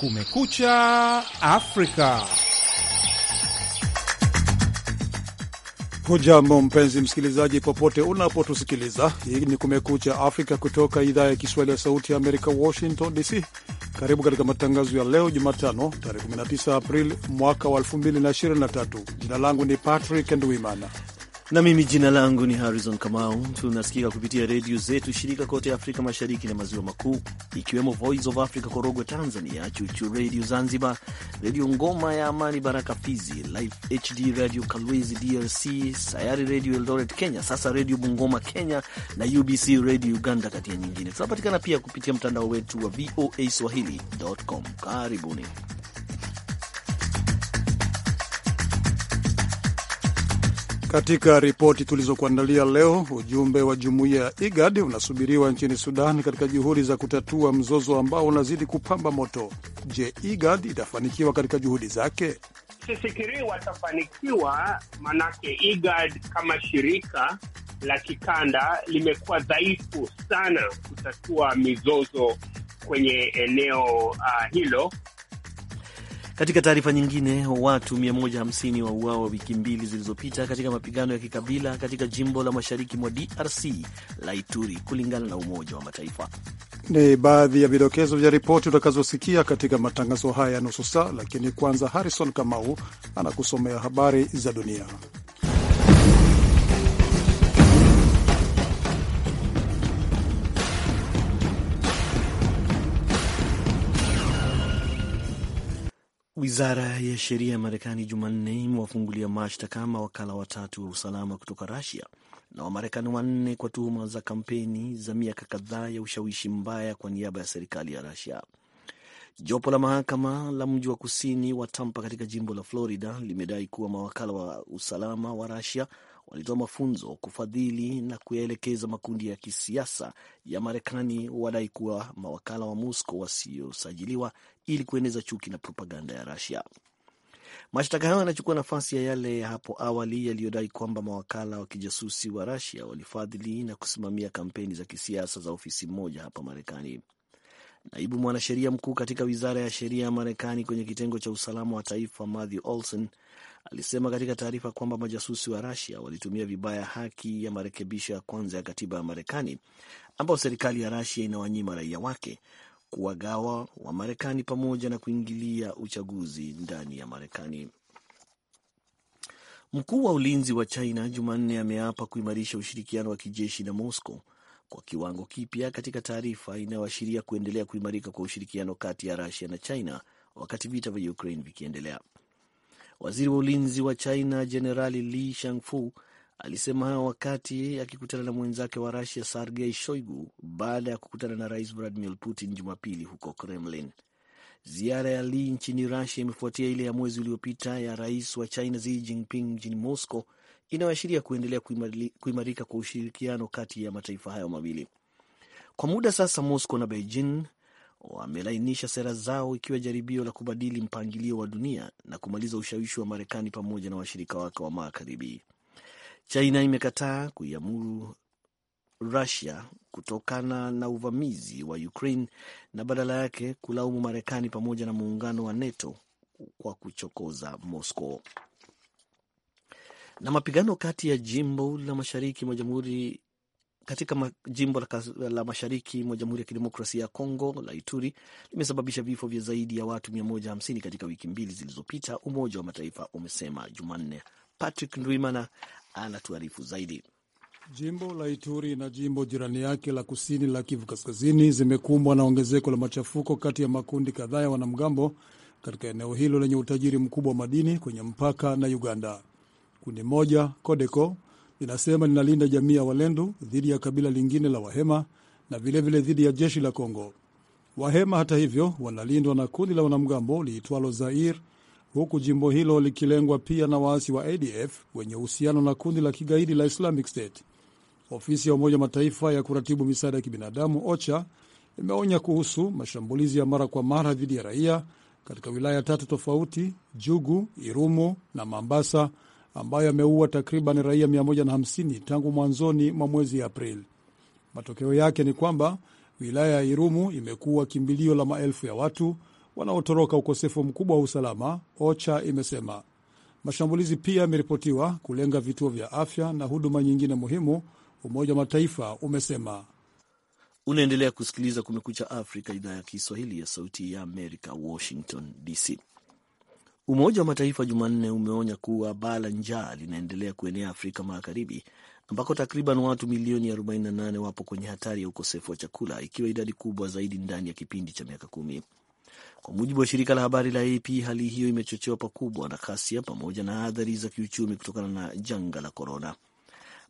Kumekucha Afrika. Hujambo mpenzi msikilizaji, popote unapotusikiliza. Hii ni Kumekucha Afrika kutoka idhaa ya Kiswahili ya Sauti ya Amerika, Washington DC. Karibu katika matangazo ya leo Jumatano, tarehe 19 Aprili mwaka wa 2023. Jina langu ni Patrick Ndwimana na mimi jina langu ni Harrison Kamau. Tunasikika kupitia redio zetu shirika kote Afrika Mashariki na Maziwa Makuu, ikiwemo Voice of Africa Korogwe Tanzania, Chuchu Redio Zanzibar, Redio Ngoma ya Amani, Baraka Fizi, Life HD Radio Kalwezi DRC, Sayari Redio Eldoret Kenya, Sasa Redio Bungoma Kenya na UBC Redio Uganda, kati ya nyingine. Tunapatikana pia kupitia mtandao wetu wa VOA Swahili.com. Karibuni. Katika ripoti tulizokuandalia leo, ujumbe wa jumuiya ya IGAD unasubiriwa nchini Sudan katika juhudi za kutatua mzozo ambao unazidi kupamba moto. Je, IGAD itafanikiwa katika juhudi zake? Sifikirii watafanikiwa, manake IGAD kama shirika la kikanda limekuwa dhaifu sana kutatua mizozo kwenye eneo uh, hilo katika taarifa nyingine, watu 150 wauawa wiki mbili zilizopita katika mapigano ya kikabila katika jimbo la mashariki mwa DRC la Ituri, kulingana na Umoja wa Mataifa. Ni baadhi ya vidokezo vya ripoti utakazosikia katika matangazo haya ya nusu saa, lakini kwanza, Harrison Kamau anakusomea habari za dunia. Wizara ya sheria ya Marekani Jumanne imewafungulia mashtaka mawakala watatu wa usalama kutoka Rusia na Wamarekani wanne kwa tuhuma za kampeni za miaka kadhaa ya ushawishi mbaya kwa niaba ya serikali ya Rusia. Jopo la mahakama la mji wa kusini wa Tampa katika jimbo la Florida limedai kuwa mawakala wa usalama wa Rusia walitoa mafunzo, kufadhili na kuyaelekeza makundi ya kisiasa ya Marekani, wadai kuwa mawakala wa Moscow wasiosajiliwa ili kueneza chuki na propaganda ya Rusia. Mashtaka hayo yanachukua nafasi ya yale ya hapo awali yaliyodai kwamba mawakala wa kijasusi wa Rusia walifadhili na kusimamia kampeni za kisiasa za ofisi moja hapa Marekani. Naibu mwanasheria mkuu katika wizara ya sheria ya Marekani kwenye kitengo cha usalama wa taifa Matthew Olson alisema katika taarifa kwamba majasusi wa Rusia walitumia vibaya haki ya marekebisho ya kwanza ya katiba ya Marekani ambayo serikali ya Rusia inawanyima raia wake kuwagawa wa Marekani pamoja na kuingilia uchaguzi ndani ya Marekani. Mkuu wa ulinzi wa China Jumanne ameapa kuimarisha ushirikiano wa kijeshi na Moscow kwa kiwango kipya katika taarifa inayoashiria kuendelea kuimarika kwa ushirikiano kati ya Rusia na China wakati vita vya Ukraine vikiendelea. Waziri wa ulinzi wa China Jenerali Li Shangfu Alisema hayo wakati akikutana na mwenzake wa Rusia Sergei Shoigu baada ya kukutana na rais Vladimir Putin Jumapili huko Kremlin. Ziara ya Li nchini Rusia imefuatia ile ya mwezi uliopita ya rais wa China Xi Jinping mjini Moscow, inayoashiria kuendelea kuimarika kwa ushirikiano kati ya mataifa hayo mawili. Kwa muda sasa, Moscow na Beijing wamelainisha sera zao, ikiwa jaribio la kubadili mpangilio wa dunia na kumaliza ushawishi wa Marekani pamoja na washirika wake wa magharibi. China imekataa kuiamuru Rusia kutokana na uvamizi wa Ukraine na badala yake kulaumu Marekani pamoja na muungano wa NATO kwa kuchokoza Moscow. Na mapigano kati ya jimbo la mashariki mwa jamhuri katika jimbo la mashariki mwa Jamhuri ya Kidemokrasia ya congo la Ituri limesababisha vifo vya zaidi ya watu 150 katika wiki mbili zilizopita, Umoja wa Mataifa umesema Jumanne. Patrick Ndwimana anatuarifu zaidi. Jimbo la Ituri na jimbo jirani yake la kusini la Kivu Kaskazini zimekumbwa na ongezeko la machafuko kati ya makundi kadhaa ya wanamgambo katika eneo hilo lenye utajiri mkubwa wa madini kwenye mpaka na Uganda. Kundi moja Kodeko linasema linalinda jamii ya Walendu dhidi ya kabila lingine la Wahema na vilevile dhidi ya jeshi la Kongo. Wahema hata hivyo wanalindwa na kundi la wanamgambo liitwalo Zair huku jimbo hilo likilengwa pia na waasi wa ADF wenye uhusiano na kundi la kigaidi la Islamic State. Ofisi ya Umoja wa Mataifa ya kuratibu misaada ya kibinadamu OCHA imeonya kuhusu mashambulizi ya mara kwa mara dhidi ya raia katika wilaya tatu tofauti, Jugu, Irumu na Mambasa, ambayo yameua takriban raia 150 tangu mwanzoni mwa mwezi Aprili. Matokeo yake ni kwamba wilaya ya Irumu imekuwa kimbilio la maelfu ya watu wanaotoroka ukosefu mkubwa wa usalama, OCHA imesema. Mashambulizi pia yameripotiwa kulenga vituo vya afya na huduma nyingine muhimu, Umoja wa Mataifa umesema. Unaendelea kusikiliza Kumekucha Afrika, idhaa ya Kiswahili ya Sauti ya Amerika, Washington DC. Umoja wa Mataifa Jumanne umeonya kuwa baa la njaa linaendelea kuenea Afrika Magharibi, ambako takriban watu milioni 48 wapo kwenye hatari ya ukosefu wa chakula, ikiwa idadi kubwa zaidi ndani ya kipindi cha miaka kumi. Kwa mujibu wa shirika la habari la AP, hali hiyo imechochewa pakubwa na ghasia pamoja na athari za kiuchumi kutokana na janga la korona.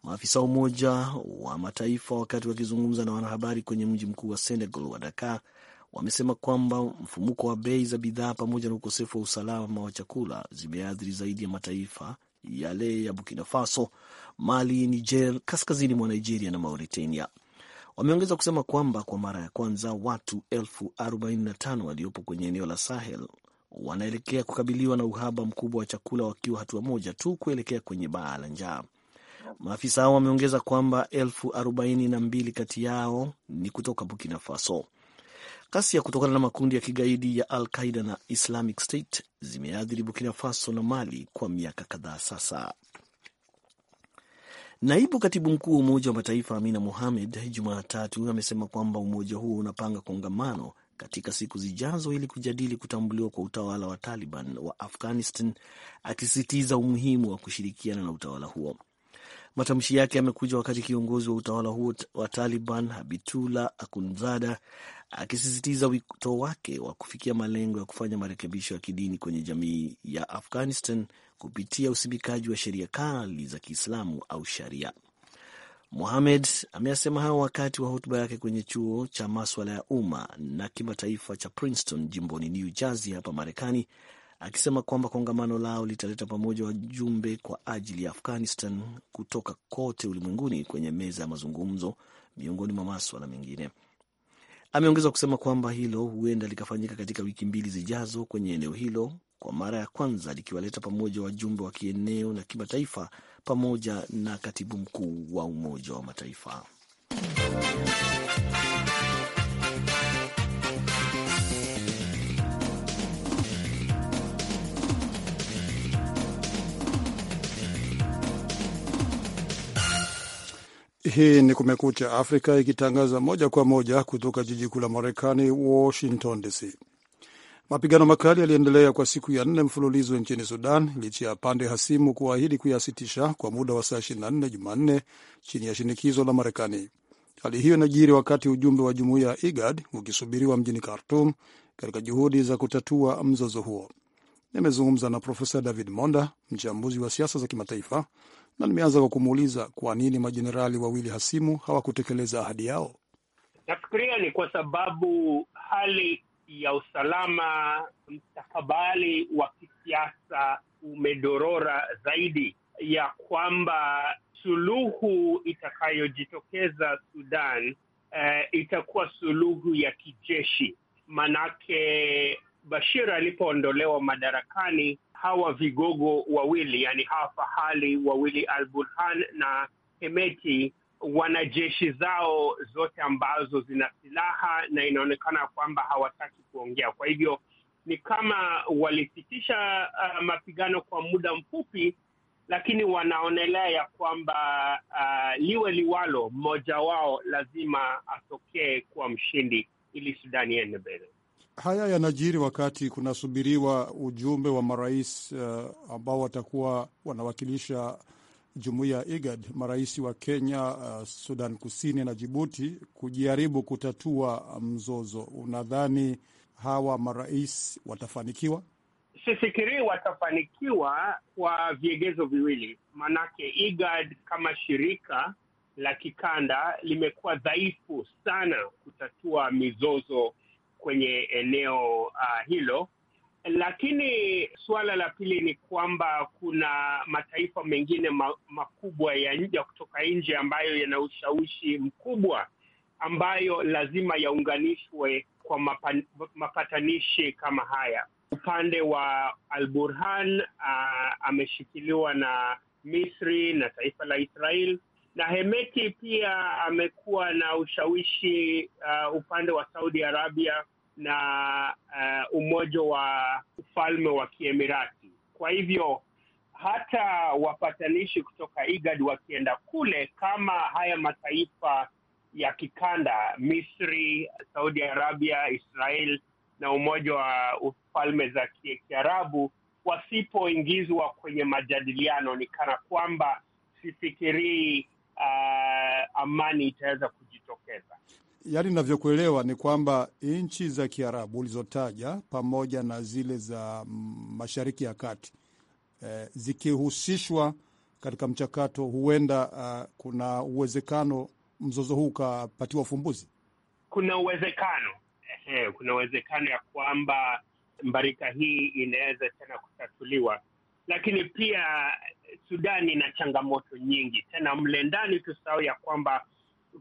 Maafisa wa Umoja wa Mataifa wakati wakizungumza na wanahabari kwenye mji mkuu wa Senegal wa Dakar wamesema kwamba mfumuko wa bei za bidhaa pamoja na ukosefu wa usalama wa chakula zimeathiri zaidi ya mataifa yale ya Burkina Faso, Mali, Niger, kaskazini mwa Nigeria na Mauritania. Wameongeza kusema kwamba kwa mara ya kwanza watu elfu 45 waliopo kwenye eneo la Sahel wanaelekea kukabiliwa na uhaba mkubwa wa chakula wakiwa hatua moja tu kuelekea kwenye baa la njaa. Maafisa hao wameongeza kwamba elfu kati yao ni kutoka Burkina Faso. ya kutokana na makundi ya kigaidi ya Al Qaida na Islamic State zimeathiri Burkina Faso na Mali kwa miaka kadhaa sasa. Naibu katibu mkuu wa Umoja wa Mataifa Amina Mohamed Jumatatu amesema kwamba umoja huo unapanga kongamano katika siku zijazo ili kujadili kutambuliwa kwa utawala wa Taliban wa Afghanistan, akisisitiza umuhimu wa kushirikiana na utawala huo. Matamshi yake yamekuja wakati kiongozi wa utawala huo wa Taliban Habitullah Akunzada akisisitiza wito wake wa kufikia malengo ya kufanya marekebisho ya kidini kwenye jamii ya Afghanistan kupitia usimikaji wa sheria kali za Kiislamu au sharia. Mohamed ameyasema hayo wakati wa hotuba yake kwenye chuo cha maswala ya umma na kimataifa cha Princeton jimboni New Jersey hapa Marekani, akisema kwamba kongamano lao litaleta pamoja wajumbe kwa ajili ya Afghanistan kutoka kote ulimwenguni kwenye meza ya mazungumzo, miongoni mwa maswala mengine. Ameongeza kusema kwamba hilo huenda likafanyika katika wiki mbili zijazo kwenye eneo hilo kwa mara ya kwanza likiwaleta pamoja wajumbe wa kieneo na kimataifa pamoja na katibu mkuu wa Umoja wa Mataifa. Hii ni Kumekucha Afrika ikitangaza moja kwa moja kutoka jiji kuu la Marekani, Washington DC. Mapigano makali yaliendelea kwa siku ya nne mfululizo nchini Sudan licha ya pande hasimu kuahidi kuyasitisha kwa muda wa saa 24 Jumanne chini ya shinikizo la Marekani. Hali hiyo inajiri wakati ujumbe wa jumuiya ya IGAD ukisubiriwa mjini Khartum katika juhudi za kutatua mzozo huo. Nimezungumza na Profesa David Monda, mchambuzi wa siasa za kimataifa, na nimeanza kwa kumuuliza kwa nini majenerali wawili hasimu hawakutekeleza ahadi yao. Nafikiria ni kwa sababu hali ya usalama, mstakabali wa kisiasa umedorora zaidi, ya kwamba suluhu itakayojitokeza Sudan eh, itakuwa suluhu ya kijeshi. Manake Bashir alipoondolewa madarakani, hawa vigogo wawili, yani hawa fahali wawili, Al Burhan na Hemeti wanajeshi zao zote ambazo zina silaha na inaonekana kwamba hawataki kuongea. Kwa hivyo ni kama walisitisha uh, mapigano kwa muda mfupi, lakini wanaonelea ya kwamba uh, liwe liwalo, mmoja wao lazima atokee kuwa mshindi ili Sudani iende mbele. Haya yanajiri wakati kunasubiriwa ujumbe wa marais uh, ambao watakuwa wanawakilisha jumuiya ya IGAD marais wa Kenya, uh, Sudan Kusini na Jibuti kujaribu kutatua mzozo. Unadhani hawa marais watafanikiwa? Sifikirii watafanikiwa kwa viegezo viwili, maanake IGAD kama shirika la kikanda limekuwa dhaifu sana kutatua mizozo kwenye eneo uh, hilo lakini suala la pili ni kwamba kuna mataifa mengine ma, makubwa ya nje kutoka nje ambayo yana ushawishi mkubwa ambayo lazima yaunganishwe kwa mapan, mapatanishi kama haya. Upande wa Al Burhan ameshikiliwa na Misri na taifa la Israel na Hemeti pia amekuwa na ushawishi uh, upande wa Saudi Arabia na uh, umoja wa ufalme wa Kiemirati. Kwa hivyo hata wapatanishi kutoka IGAD wakienda kule, kama haya mataifa ya kikanda, Misri, Saudi Arabia, Israel na umoja wa ufalme za Kiarabu wasipoingizwa kwenye majadiliano, ni kana kwamba sifikirii uh, amani itaweza kujitokeza yani ninavyokuelewa ni kwamba nchi za Kiarabu ulizotaja pamoja na zile za Mashariki ya Kati e, zikihusishwa katika mchakato huenda uh, kuna uwezekano mzozo huu ukapatiwa ufumbuzi. Kuna uwezekano kuna uwezekano ya kwamba mbarika hii inaweza tena kutatuliwa, lakini pia Sudani ina changamoto nyingi tena mle ndani, tusahau ya kwamba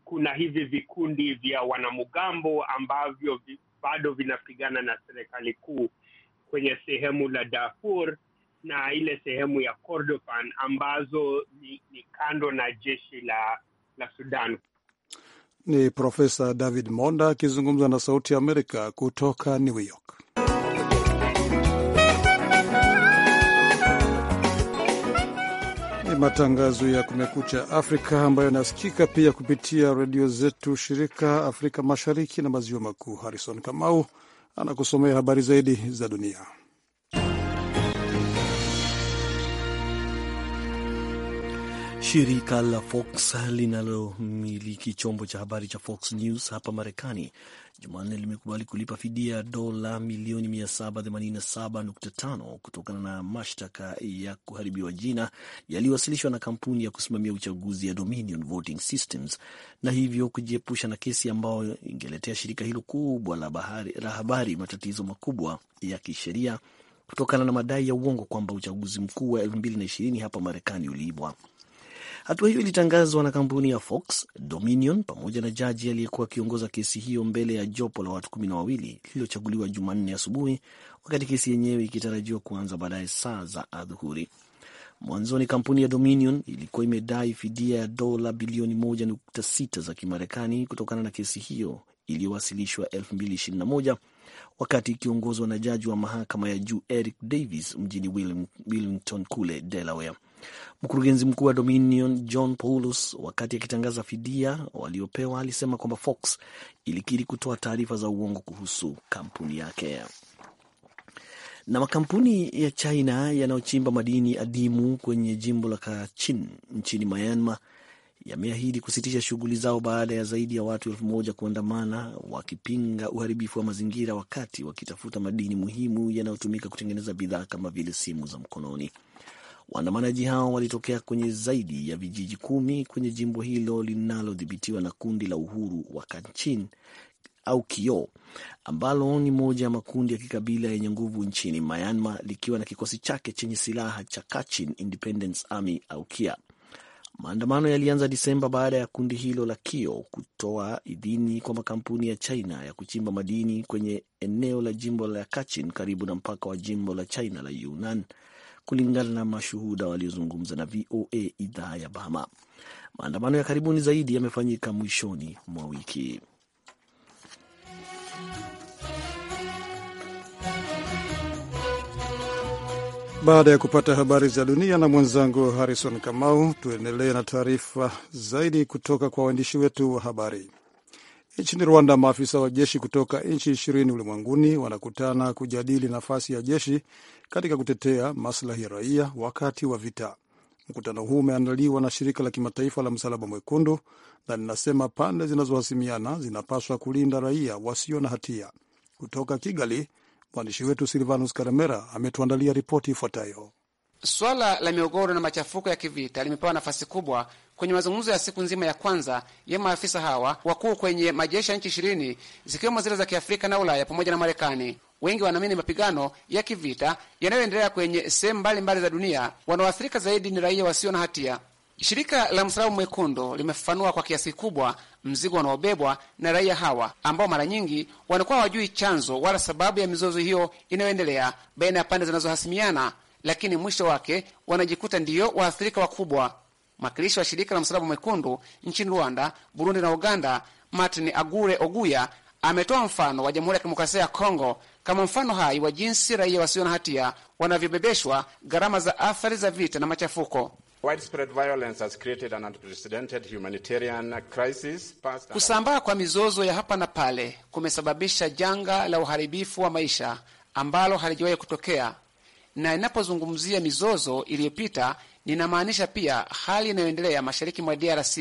kuna hivi vikundi vya wanamgambo ambavyo bado vinapigana na serikali kuu kwenye sehemu la Darfur na ile sehemu ya Kordofan ambazo ni, ni kando na jeshi la, la Sudan. Ni Profesa David Monda akizungumza na Sauti ya Amerika kutoka New York. matangazo ya Kumekucha Afrika ambayo yanasikika pia kupitia redio zetu shirika Afrika Mashariki na Maziwa Makuu. Harrison Kamau anakusomea habari zaidi za dunia. Shirika la Fox linalomiliki chombo cha habari cha Fox News hapa Marekani Jumanne limekubali kulipa fidia ya dola milioni 787.5 kutokana na mashtaka ya kuharibiwa jina yaliyowasilishwa na kampuni ya kusimamia uchaguzi ya Dominion Voting Systems, na hivyo kujiepusha na kesi ambayo ingeletea shirika hilo kubwa la, bahari, la habari matatizo makubwa ya kisheria kutokana na madai ya uongo kwamba uchaguzi mkuu wa 2020 hapa Marekani uliibwa. Hatua hiyo ilitangazwa na kampuni ya Fox, Dominion pamoja na jaji aliyekuwa akiongoza kesi hiyo mbele ya jopo la watu kumi na wawili lililochaguliwa Jumanne asubuhi, wakati kesi yenyewe ikitarajiwa kuanza baadaye saa za adhuhuri. Mwanzoni kampuni ya Dominion ilikuwa imedai fidia ya dola bilioni 1.6 za Kimarekani kutokana na kesi hiyo iliyowasilishwa 2021 wakati ikiongozwa na jaji wa mahakama ya juu Eric Davis mjini Wilmington kule Delaware. Mkurugenzi mkuu wa Dominion John Paulus, wakati akitangaza fidia waliopewa, alisema kwamba Fox ilikiri kutoa taarifa za uongo kuhusu kampuni yake. Na makampuni ya China yanayochimba madini adimu kwenye jimbo la Kachin nchini Myanmar yameahidi kusitisha shughuli zao baada ya zaidi ya watu elfu moja kuandamana wakipinga uharibifu wa mazingira wakati wakitafuta madini muhimu yanayotumika kutengeneza bidhaa kama vile simu za mkononi. Waandamanaji hao walitokea kwenye zaidi ya vijiji kumi kwenye jimbo hilo linalodhibitiwa na kundi la Uhuru wa Kanchin au Kio ambalo ni moja ya makundi ya kikabila yenye nguvu nchini Myanmar likiwa na kikosi chake chenye silaha cha Kachin Independence Army au KIA. Maandamano yalianza Disemba baada ya kundi hilo la Kio kutoa idhini kwa makampuni ya China ya kuchimba madini kwenye eneo la jimbo la Kachin karibu na mpaka wa jimbo la China la Yunnan kulingana na mashuhuda waliozungumza na VOA idhaa ya bama Maandamano ya karibuni zaidi yamefanyika mwishoni mwa wiki. Baada ya kupata habari za dunia na mwenzangu Harrison Kamau, tuendelee na taarifa zaidi kutoka kwa waandishi wetu wa habari. Nchini Rwanda, maafisa wa jeshi kutoka nchi ishirini ulimwenguni wanakutana kujadili nafasi ya jeshi katika kutetea maslahi ya raia wakati wa vita. Mkutano huu umeandaliwa na shirika la kimataifa la Msalaba Mwekundu na linasema pande zinazohasimiana zinapaswa kulinda raia wasio na hatia. Kutoka Kigali, mwandishi wetu Silvanus Karemera ametuandalia ripoti ifuatayo. Swala la migogoro na machafuko ya kivita limepewa nafasi kubwa kwenye mazungumzo ya siku nzima ya kwanza ya maafisa hawa wakuu kwenye majeshi ya nchi ishirini zikiwemo zile za Kiafrika na Ulaya pamoja na Marekani. Wengi wanaamini mapigano ya kivita yanayoendelea kwenye sehemu mbalimbali za dunia, wanaoathirika zaidi ni raia wasio na hatia. Shirika la Msalaba Mwekundu limefafanua kwa kiasi kikubwa mzigo wanaobebwa na raia hawa ambao mara nyingi wanakuwa hawajui chanzo wala sababu ya mizozo hiyo inayoendelea baina ya pande zinazohasimiana, lakini mwisho wake wanajikuta ndiyo waathirika wakubwa. Mwakilishi wa shirika la Msalaba Mwekundu nchini Rwanda, Burundi na Uganda, Martin Agure Oguya ametoa mfano wa Jamhuri ya Kidemokrasia ya Kongo kama mfano hai wa jinsi raia wasio na hatia wanavyobebeshwa gharama za athari za vita na machafuko. Kusambaa kwa mizozo ya hapa na pale kumesababisha janga la uharibifu wa maisha ambalo halijawahi kutokea, na inapozungumzia mizozo iliyopita Ninamaanisha pia hali inayoendelea mashariki mwa DRC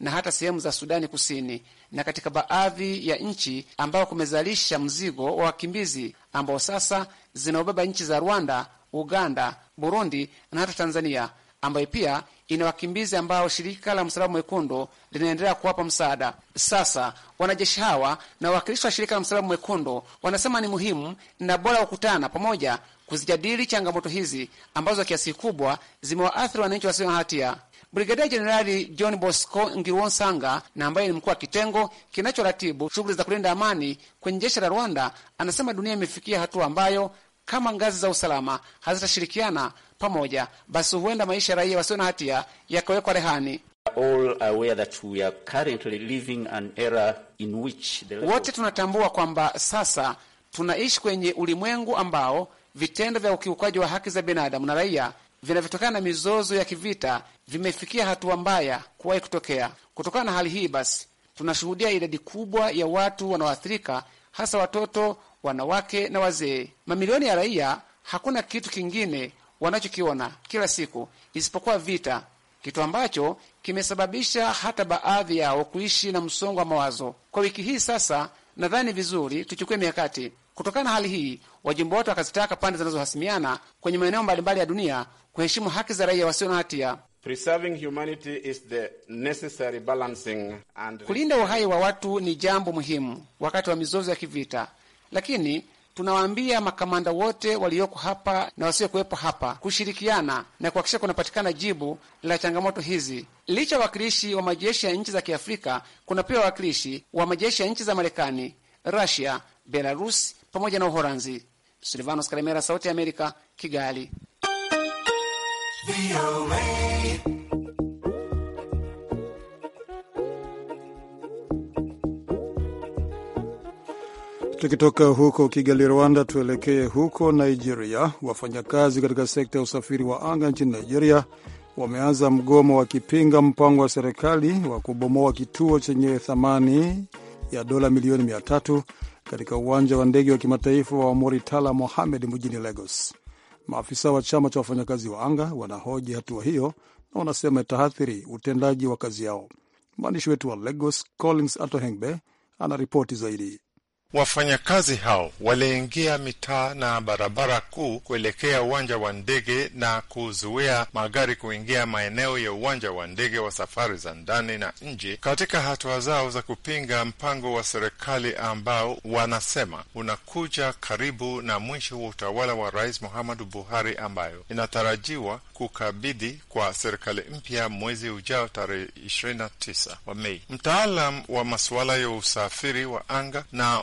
na hata sehemu za Sudani Kusini na katika baadhi ya nchi ambao kumezalisha mzigo wa wakimbizi ambao sasa zinaobeba nchi za Rwanda, Uganda, Burundi na hata Tanzania ambayo pia ina wakimbizi ambao shirika la Msalaba Mwekundu linaendelea kuwapa msaada. Sasa wanajeshi hawa na wawakilishi wa shirika la Msalaba Mwekundu wanasema ni muhimu na bora kukutana pamoja kuzijadili changamoto hizi ambazo kiasi kubwa zimewaathiri wananchi wasio na hatia. Brigadia Jenerali John Bosco Ngirwonsanga, na ambaye ni mkuu wa kitengo kinachoratibu shughuli za kulinda amani kwenye jeshi la Rwanda, anasema dunia imefikia hatua ambayo kama ngazi za usalama hazitashirikiana pamoja, basi huenda maisha ya raia wasio na hatia yakawekwa rehani. Wote tunatambua kwamba sasa tunaishi kwenye ulimwengu ambao vitendo vya ukiukaji wa haki za binadamu na raia vinavyotokana na mizozo ya kivita vimefikia hatua mbaya kuwahi kutokea. Kutokana na hali hii, basi tunashuhudia idadi kubwa ya watu wanaoathirika, hasa watoto, wanawake na wazee. Mamilioni ya raia hakuna kitu kingine wanachokiona kila siku isipokuwa vita, kitu ambacho kimesababisha hata baadhi yao kuishi na msongo wa mawazo. Kwa wiki hii sasa, nadhani vizuri tuchukue mikakati Kutokana na hali hii, wajumbe wote wakazitaka pande zinazohasimiana kwenye maeneo mbalimbali ya dunia kuheshimu haki za raia wasio na hatia. And... kulinda uhai wa watu ni jambo muhimu wakati wa mizozo ya kivita, lakini tunawaambia makamanda wote walioko hapa na wasiokuwepo hapa kushirikiana na kuhakikisha kunapatikana jibu la changamoto hizi. Licha ya wawakilishi wa majeshi ya nchi za Kiafrika, kuna pia wawakilishi wa majeshi ya nchi za Marekani, Rusia, Belarusi, pamoja na Uholanzi. Silvanos Karemera, Sauti ya Amerika, Kigali. Tukitoka huko Kigali, Rwanda, tuelekee huko Nigeria. Wafanyakazi katika sekta ya usafiri wa anga nchini Nigeria wameanza mgomo wakipinga mpango wa serikali wa kubomoa kituo chenye thamani ya dola milioni mia tatu katika uwanja wa ndege wa kimataifa wa Moritala Mohamed mjini Lagos. Maafisa wa chama cha wafanyakazi wa anga wanahoji hatua wa hiyo na wanasema itaathiri utendaji wa kazi yao. Mwandishi wetu wa Lagos, Collins Atohengbe, ana ripoti zaidi. Wafanyakazi hao waliingia mitaa na barabara kuu kuelekea uwanja wa ndege na kuzuia magari kuingia maeneo ya uwanja wa ndege wa safari za ndani na nje, katika hatua zao za kupinga mpango wa serikali ambao wanasema unakuja karibu na mwisho wa utawala wa Rais Muhammadu Buhari, ambayo inatarajiwa kukabidhi kwa serikali mpya mwezi ujao tarehe 29 wa Mei. Mtaalam wa masuala ya usafiri wa anga na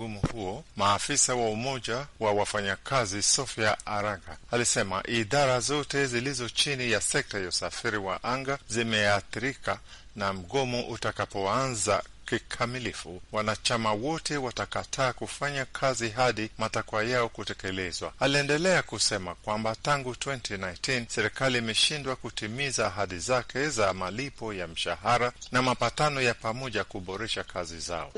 ugumu huo, maafisa wa umoja wa wafanyakazi Sofia araga alisema idara zote zilizo chini ya sekta ya usafiri wa anga zimeathirika na mgomo utakapoanza kikamilifu, wanachama wote watakataa kufanya kazi hadi matakwa yao kutekelezwa. Aliendelea kusema kwamba tangu 2019 serikali imeshindwa kutimiza ahadi zake za malipo ya mshahara na mapatano ya pamoja kuboresha kazi zao.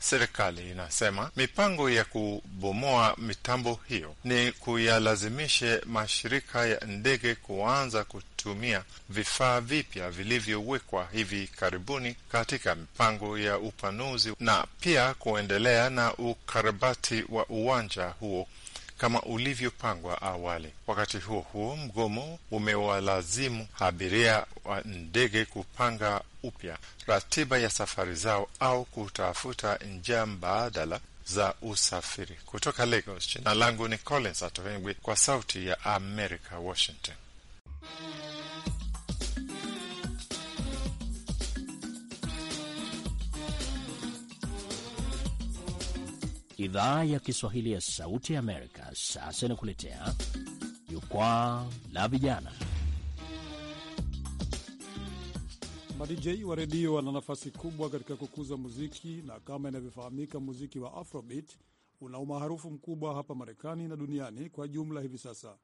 Serikali inasema mipango ya kubomoa mitambo hiyo ni kuya yalazimishe mashirika ya ndege kuanza kutumia vifaa vipya vilivyowekwa hivi karibuni katika mipango ya upanuzi na pia kuendelea na ukarabati wa uwanja huo kama ulivyopangwa awali. Wakati huo huo, mgomo umewalazimu abiria wa ndege kupanga upya ratiba ya safari zao au kutafuta njia mbadala za usafiri kutoka Lagos. Jina langu ni Collins Atoengwi kwa Sauti ya america Washington. Idhaa ya Kiswahili ya Sauti ya Amerika sasa inakuletea Jukwaa la Vijana. Madijei wa redio wana nafasi kubwa katika kukuza muziki, na kama inavyofahamika, muziki wa Afrobeat una umaarufu mkubwa hapa Marekani na duniani kwa jumla hivi sasa,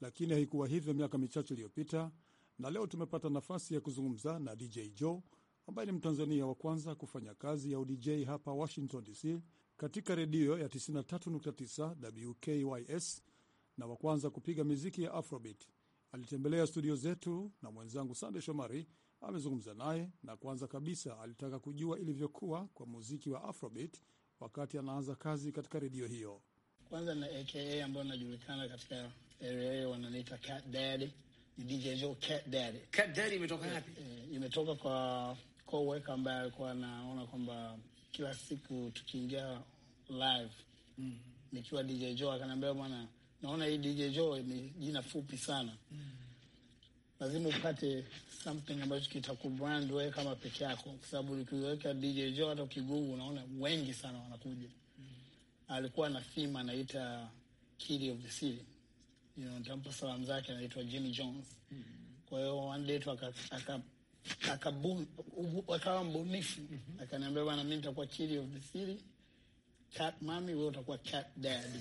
lakini haikuwa hivyo miaka michache iliyopita. Na leo tumepata nafasi ya kuzungumza na DJ Joe ambaye ni Mtanzania wa kwanza kufanya kazi ya udj hapa Washington DC katika redio ya 93.9 WKYS na wa kwanza kupiga miziki ya Afrobeat. Alitembelea studio zetu na mwenzangu Sande Shomari amezungumza naye na kwanza kabisa alitaka kujua ilivyokuwa kwa muziki wa Afrobeat wakati anaanza kazi katika redio hiyo. Kwanza na aka ambayo najulikana katika area hiyo wananiita Cat Daddy, DJ Joe Cat Daddy. Cat Daddy imetoka eh, wapi? Eh, imetoka kwa coworker ambaye alikuwa anaona kwamba kila siku tukiingia live mm. nikiwa DJ Joe akaniambia, bwana, naona hii DJ Joe ni jina fupi sana mm lazima upate something ambacho kitakubrand wewe kama peke yako, kwa sababu ukiweka DJ Joe hata ukigugu, unaona wengi sana wanakuja. Alikuwa na theme anaita Kid of the City, you know, nitampa salamu zake, anaitwa Jimmy Jones. Kwa hiyo one day tu aka akawa mbunifu akaniambia, bwana, mimi nitakuwa Kid of the City, cat mami, wewe utakuwa cat daddy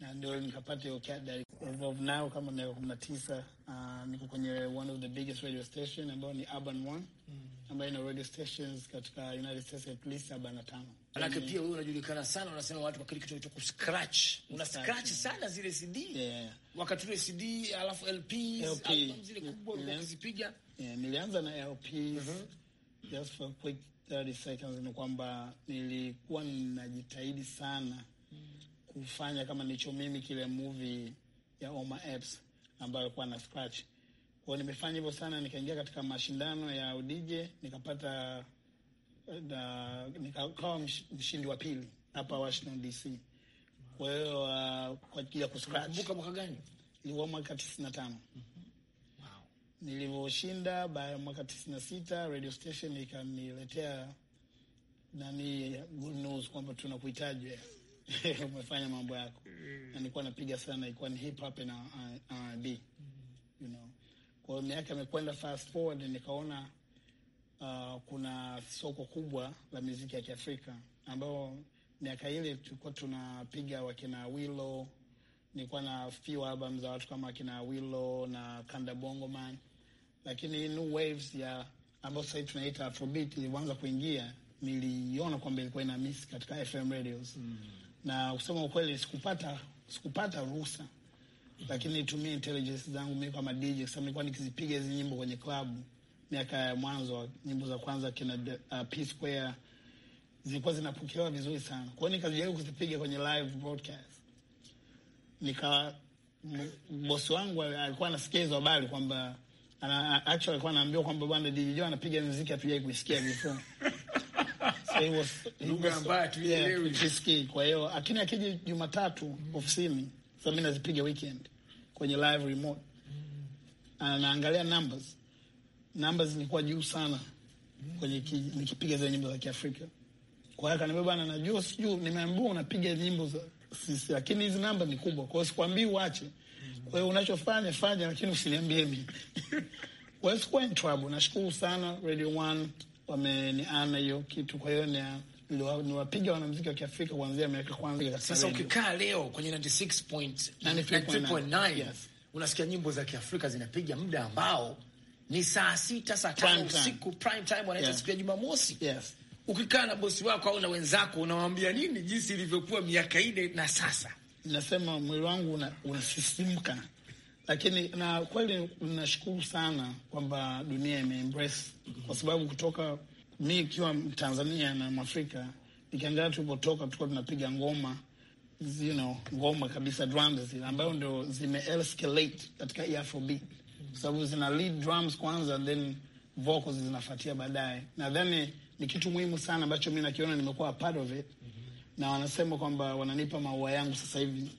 na ndio nikapata hiyo cadre as of now kama miaka kumi na tisa. Uh, niko kwenye one of the biggest radio station ambayo ni Urban One mm. ambayo ina radio stations katika United States at least sabini na tano. Manake yaani- pia wewe unajulikana sana, unasema watu kwa kile kitu cha kuscratch, una scratch sana zile CD, yeah. Wakati ule CD alafu LP album zile kubwa unazipiga. Yeah, nilianza na LP uh-huh. Just for quick 30 seconds, ni kwamba nilikuwa ninajitahidi sana kufanya kama nicho mimi kile movie ya Oma Epps ambayo alikuwa na scratch kwao. Nimefanya hivyo sana, nikaingia katika mashindano ya DJ nikapata eh, na nikawa mshindi wa pili hapa Washington DC. Kwa hiyo uh, kwa ajili ya kuscratch. Nakumbuka mwaka gani? Ilikuwa mwaka 95. Mm -hmm. Wow. Nilivyoshinda baada ya mwaka 96 radio station ikaniletea nani good news kwamba tunakuhitaji. umefanya mambo yako na mm. nilikuwa napiga sana, ilikuwa ni hip hop na uh, R&B uh, uh, you know. Kwa hiyo miaka imekwenda fast forward, nikaona uh, kuna soko kubwa la muziki ya Kiafrika ambao miaka ile tulikuwa tunapiga wakina Willow, nilikuwa na few albums za watu kama wakina Willow na Kanda Bongo Man, lakini new waves ya ambao sasa tunaita Afrobeat ilianza kuingia, niliona kwamba ilikuwa ina miss katika FM radios mm na kusema ukweli, sikupata sikupata ruhusa, lakini nitumie intelligence zangu mimi kama DJ, kwa sababu nilikuwa nikizipiga hizi nyimbo kwenye klabu miaka ya mwanzo, nyimbo za kwanza kina uh, P Square zilikuwa zinapokelewa vizuri sana. Kwa hiyo nikajaribu kuzipiga kwenye live broadcast, nika bosi wangu alikuwa anasikia hizo habari kwamba ana, actually alikuwa anaambiwa kwamba bwana DJ anapiga muziki atujai kusikia before tusisikii. Kwa hiyo akini akiji Jumatatu ofisini sasa, mi nazipiga weekend kwenye live remote mm. numbers, numbers zilikuwa juu sana kwenye nikipiga zile nyimbo za Kiafrika. Kwa hiyo akaniambia, bwana, najua sijuu, nimeambiwa unapiga nyimbo za sisi, lakini hizi namba ni kubwa, kwa hiyo sikwambii uache. Kwa hiyo unachofanya fanya, lakini usiniambie mimi. Kwa hiyo sikuwa in trouble. Nashukuru sana Radio One wameniana hiyo kitu, kwa hiyo ni wanamziki wa Kiafrika kuanzia miaka kwanza. Sasa ukikaa leo kwenye 96.9 unasikia nyimbo za Kiafrika zinapiga muda ambao ni saa sita saa tano usiku prime time wanaita yeah, siku ya Jumamosi yes. Ukikaa na bosi wako au na wenzako unawaambia nini jinsi ilivyokuwa miaka ile na sasa? Nasema mwili wangu unasisimka una lakini na kweli nashukuru sana kwamba dunia imeembrace mm -hmm. kwa sababu kutoka mi ikiwa Tanzania na Mwafrika nikiangalia tulipotoka, tulikuwa tunapiga ngoma you know, ngoma kabisa drums ambayo ndio zimeescalate katika Afrobeat kwa sababu zina lead drums kwanza then vocals zinafuatia baadaye. Nadhani ni kitu muhimu sana ambacho mi nakiona nimekuwa part of it, na wanasema kwamba wananipa maua yangu sasa hivi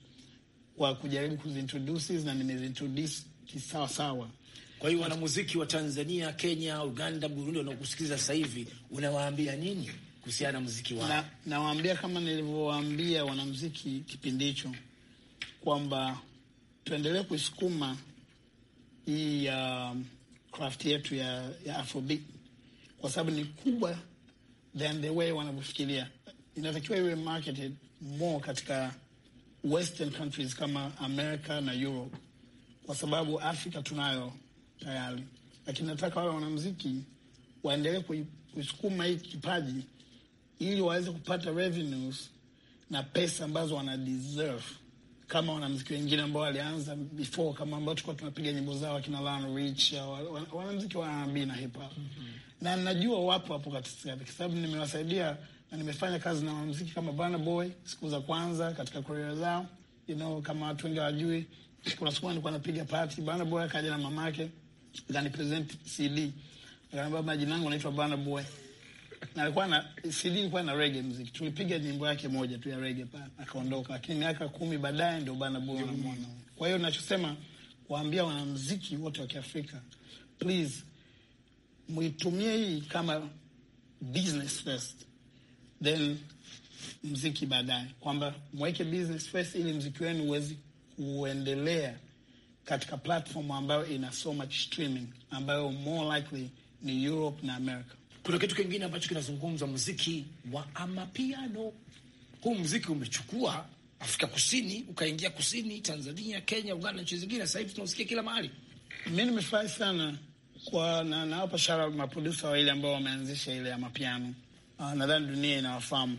wa kujaribu kuzintroduce na nimezintroduce kisawa sawa. Kwa hiyo wanamuziki wa Tanzania, Kenya, Uganda, Burundi wanaokusikiliza sasa hivi unawaambia nini kuhusiana na muziki wao? Na nawaambia kama nilivyowaambia wanamuziki kipindi hicho kwamba tuendelee kuisukuma hii uh, craft yetu ya, ya Afrobeat kwa sababu ni kubwa than the way wanavyofikiria. Inatakiwa iwe marketed more katika western countries kama America na Europe, kwa sababu Afrika tunayo tayari, lakini nataka wale wanamuziki waendelee kusukuma hii kipaji ili waweze kupata revenues na pesa ambazo wana deserve kama wanamziki wengine ambao walianza before kama ambao tulikuwa tunapiga nyimbo zao akina Lionel Rich, wanamziki wa R&B na hip hop. Mm -hmm. Na najua wapo hapo katikati, kwa sababu nimewasaidia na nimefanya kazi na wanamziki kama Burna Boy siku za kwanza katika korea zao, you know, kama watu wengi hawajui, kuna siku nilikuwa napiga party, Burna Boy akaja na mamake akani present CD, akaniambia majina yangu naitwa Burna Boy na alikuwa na CD ilikuwa na reggae tulipiga nyimbo yake moja tu ya reggae pale, akaondoka. Lakini miaka kumi baadaye ndio Burna Boy unamwona. Kwa hiyo ninachosema wanamuziki wote wa Kiafrika, please muitumie hii kama business first then mziki baadaye, kwamba mweke business first ili mziki wenu uwezi kuendelea katika platform ambayo ina so much streaming ambayo more likely ni Europe na America. Kuna kitu kingine ambacho kinazungumzwa, mziki wa amapiano. Huu mziki umechukua Afrika Kusini, ukaingia kusini, Tanzania, Kenya, Uganda, nchi zingine. Sasa hivi tunausikia kila mahali. Mi nimefurahi sana kwa nawapa na shara maprodusa wawili ambao wameanzisha ile ya mapiano Ah, nadhani dunia inawafahamu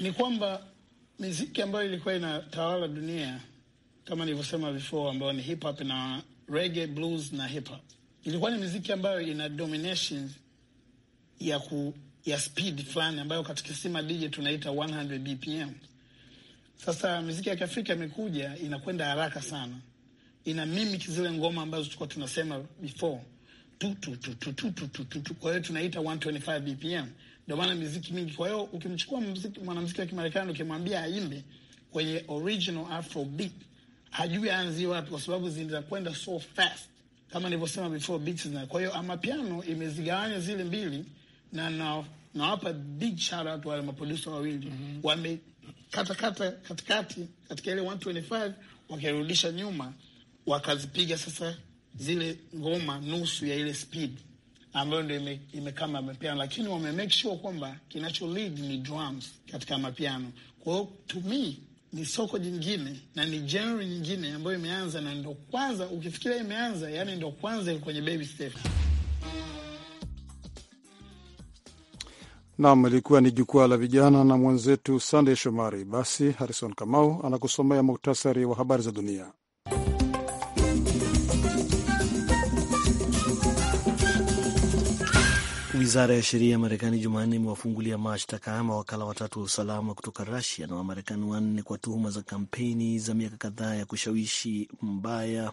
ni kwamba miziki ambayo ilikuwa inatawala dunia kama nilivyosema before, ambayo ni hip hop na reggae, blues na hip hop, ilikuwa ni miziki ambayo ina domination ya ku, ya speed fulani ambayo katika kisima DJ tunaita 100 BPM. Sasa miziki ya Kiafrika imekuja inakwenda haraka sana, ina mimic zile ngoma ambazo tulikuwa tunasema before tu tu tu tu tu tu tu, kwa hiyo tunaita 125 BPM ndio maana miziki mingi. Kwa hiyo ukimchukua mwanamziki wa Kimarekani ukimwambia aimbe kwenye original afrobeat hajui aanzie wapi, kwa sababu zinakwenda so fast kama nilivyosema before beats na. Kwa hiyo amapiano imezigawanya zile mbili, na nawapa na big shout out wale maproducer wawili mm -hmm. wamekatakata katikati katika ile 125 wakirudisha nyuma, wakazipiga sasa zile ngoma nusu ya ile speed ambayo ndo ime, mapiano, lakini wame make sure kwamba kinacho lead ni drums katika mapiano. Kwa hiyo to me ni soko jingine na ni genre nyingine ambayo imeanza na ndo kwanza, ukifikiria imeanza yani ndo kwanza kwenye baby step. Nam ilikuwa ni jukwaa la vijana na mwenzetu Sandey Shomari. Basi Harrison Kamau anakusomea muktasari wa habari za dunia. Wizara ya sheria ya Marekani Jumanne imewafungulia mashtaka mawakala watatu wa usalama kutoka Rusia na Wamarekani wanne kwa tuhuma za kampeni za miaka kadhaa ya kushawishi mbaya,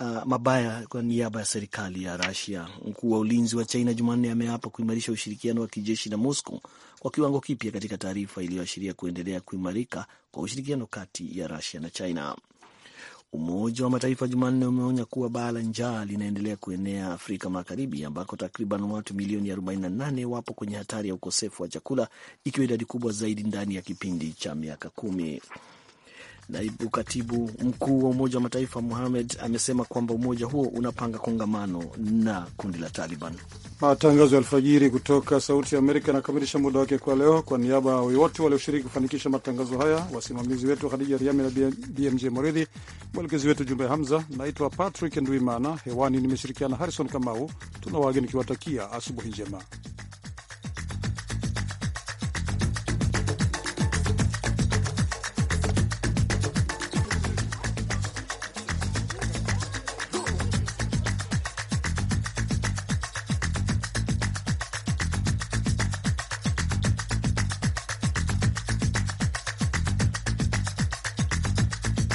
uh, mabaya kwa niaba ya serikali ya Rusia. Mkuu wa ulinzi wa China Jumanne ameapa kuimarisha ushirikiano wa kijeshi na Moscow kwa kiwango kipya katika taarifa iliyoashiria kuendelea kuimarika kwa ushirikiano kati ya Rusia na China. Umoja wa Mataifa Jumanne umeonya kuwa baa la njaa linaendelea kuenea Afrika Magharibi, ambako takriban watu milioni 48 wapo kwenye hatari ya ukosefu wa chakula, ikiwa idadi kubwa zaidi ndani ya kipindi cha miaka kumi. Naibu katibu mkuu wa Umoja wa Mataifa Muhamed amesema kwamba umoja huo unapanga kongamano na kundi la Taliban. Matangazo ya alfajiri kutoka Sauti ya Amerika yanakamilisha muda wake kwa leo. Kwa niaba ya wote walioshiriki kufanikisha matangazo haya, wasimamizi wetu Khadija Riami na BMJ Moridhi, mwelekezi wetu Jumbe Hamza, naitwa Patrick Ndwimana. Hewani nimeshirikiana Harrison Kamau. Tuna nikiwatakia asubuhi njema.